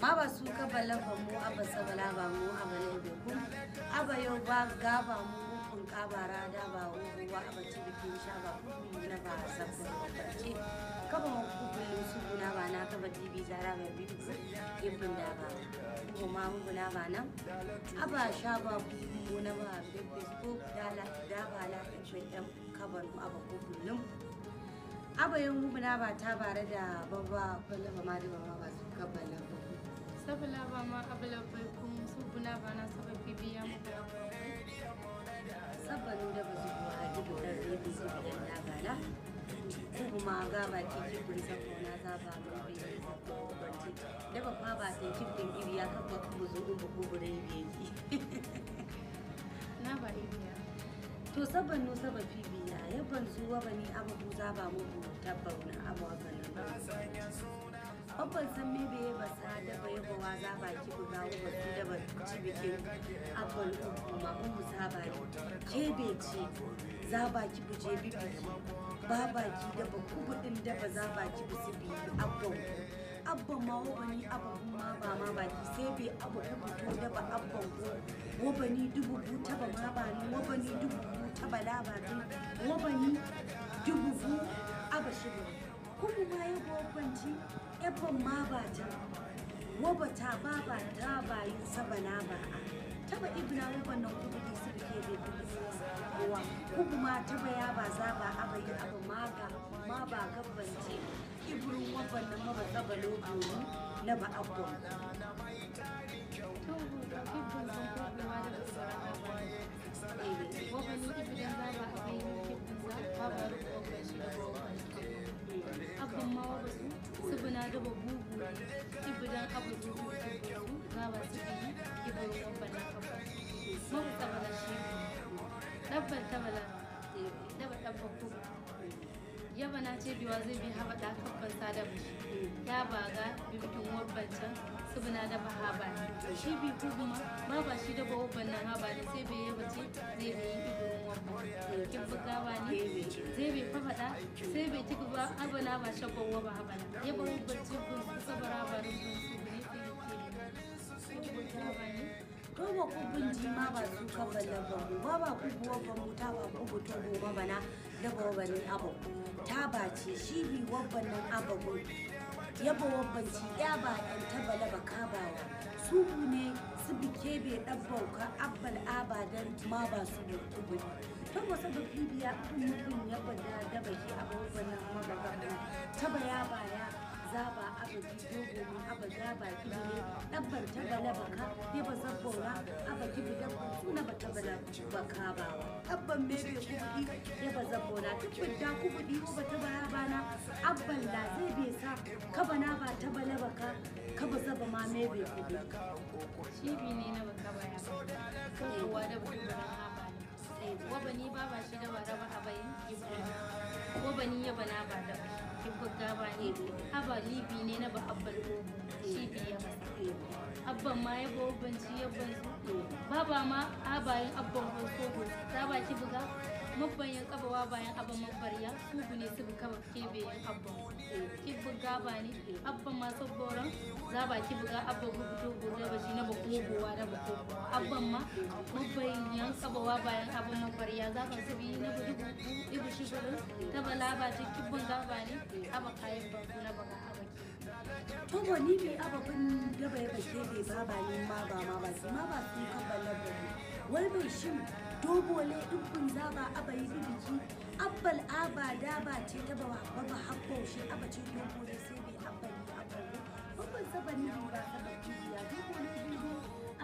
ba su ka ba mu aba sabala ba mu aba da ku aba yau ba ga ba mu kun ka ba rada ba uku ba aba ci bikin sha ba ku na ba sabu ce kaba mu ku bin su guna ba na ba tv zara ba bi ku bin da ba ko ma mu guna ba nan aba sha ba ku mu na ba bi ku da la da ba la ibn dan kabar mu aba ku kullum aba yan mu na ba ta bare da babba ba ma da ba ma ba su ka Abulaba abulabaikun su buna ba na saba bibiya mu da Sabbanu da ba su a jibu da rubu su bidan ya gala. Kuma ga ba ki ji kun sa ko na za ba mu bi da ba fa ba sai kin din ibiya kan ba ku zo ku ku gurin yake. Na ba ibiya. To sabbanu saba bibiya yaban zuwa bani abu za ba mu tabbauna abu a ganin. Babban san me bai ba da barci bikin abin kuma mu zaba ki kebeci zaba ki buje bibi da da ba zaba ki bisu bi ma wani ma ba ma sai bai abu fito da ba abban dubu ta ba ma ba ni dubu ta ba la ba ni dubu kuma ma ya gwabanci ma ba ta wabata baba ta bayi sabana ba'a taba ibna waban nan kubili su bike da kubili kowa kuma taba ya ba za ba bayi abu maga ma ba gabbance ibrin waban nan ma ba taba lobo na ba abu abin ma wasu sabana da babu mawuta mana shi ɗabban ta mana ɗaba ɗabban kuma yaba na ce biwa zai bi haɓa da kabban sada ya baga bibikin wabbancan subina da ba haɓa shi bi kuma ma ba shi da ba wabban nan haɓa da sai bai yaba ce zai bi yin ibirin wabban kin bugawa ne zai bi faɗa, sai bai ci gaba abana ba shabban waba haɓa yaba wabban ce kun sabara ba rubun ba su kaba laba mu ba ba ku buwa ba mu ta ba ku buto goma bana laba wa abu ta ba ce shi bi wabban nan abagun yaba wabban ci ya ba ɗan taba laba kabawa su ne su bike bai ɗabbauka abbal abadan ma ba su da kubin ta wasu da bibiya mutum ya gwada da baki abubuwan nan magagabin taba ya ba ya zaba abadi dogo aba zaba kibire dabbar ta gala baka ne ba zabbora aba kibi dabbar suna ba ta baka ba abban ba da kubudi ko ba ta baya bana abban da zai bai sa na ba ta bala baka kaba zaba ma mebe kubudi cibi ne na baka baya kan kowa da baka wabani ba ba shi da wara ba a bayan ibrahim wabani ya ba da gaba ne haba libi ne na ba abban shi biya abban ma ya bo banci ya banci baba ma abayin abban ko ta ba ki buga mabban kabawa kaba wa bayan haba mabbar ya kubu ne su buka ke be yan habban ki buga ba ne habban ma sabboran za ba ki buga abba gubu to gubu da baji na ba wa da bakogo habban ma mabban yan bayan haba mabbar za ka su sabi na gudu ibu shi gudu ta bala ba ta ki buga ba ne haba kayan banku na baka abba ki wani bai ababin gaba ya bakke bai ba ba ne ma ba ma ba su ma ba sun kabbalar da wai bai shi dogole dubbin zaba aba yi biki abbal aba daba ce ta bawa baba habbo shi aba ce dogole sai bai abba ni abba babban saban ni ba saban ya dogole dubo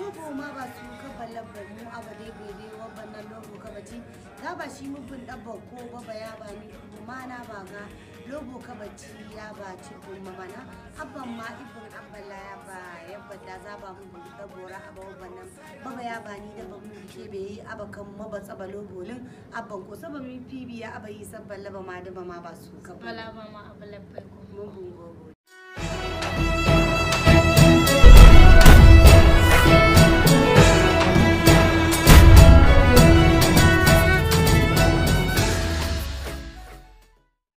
tobo ma ba su kafa labbar mu abade bebe wabban nan logo ka baci ga ba shi mubin dabba ko baba ya ba ni kuma na ba ga logo ka baci ya ba ci ma bana abban ma ibin abbala ya ba yabba da za ba mu bin dabbora abba wabban nan baba ya ba ni dabba mu ke be yi abba kan ba tsaba logo lin abban ko saba mi fibi ya abba yi sabban laba ma dabba ma ba su kafa laba ma abba labbai ko mun gungo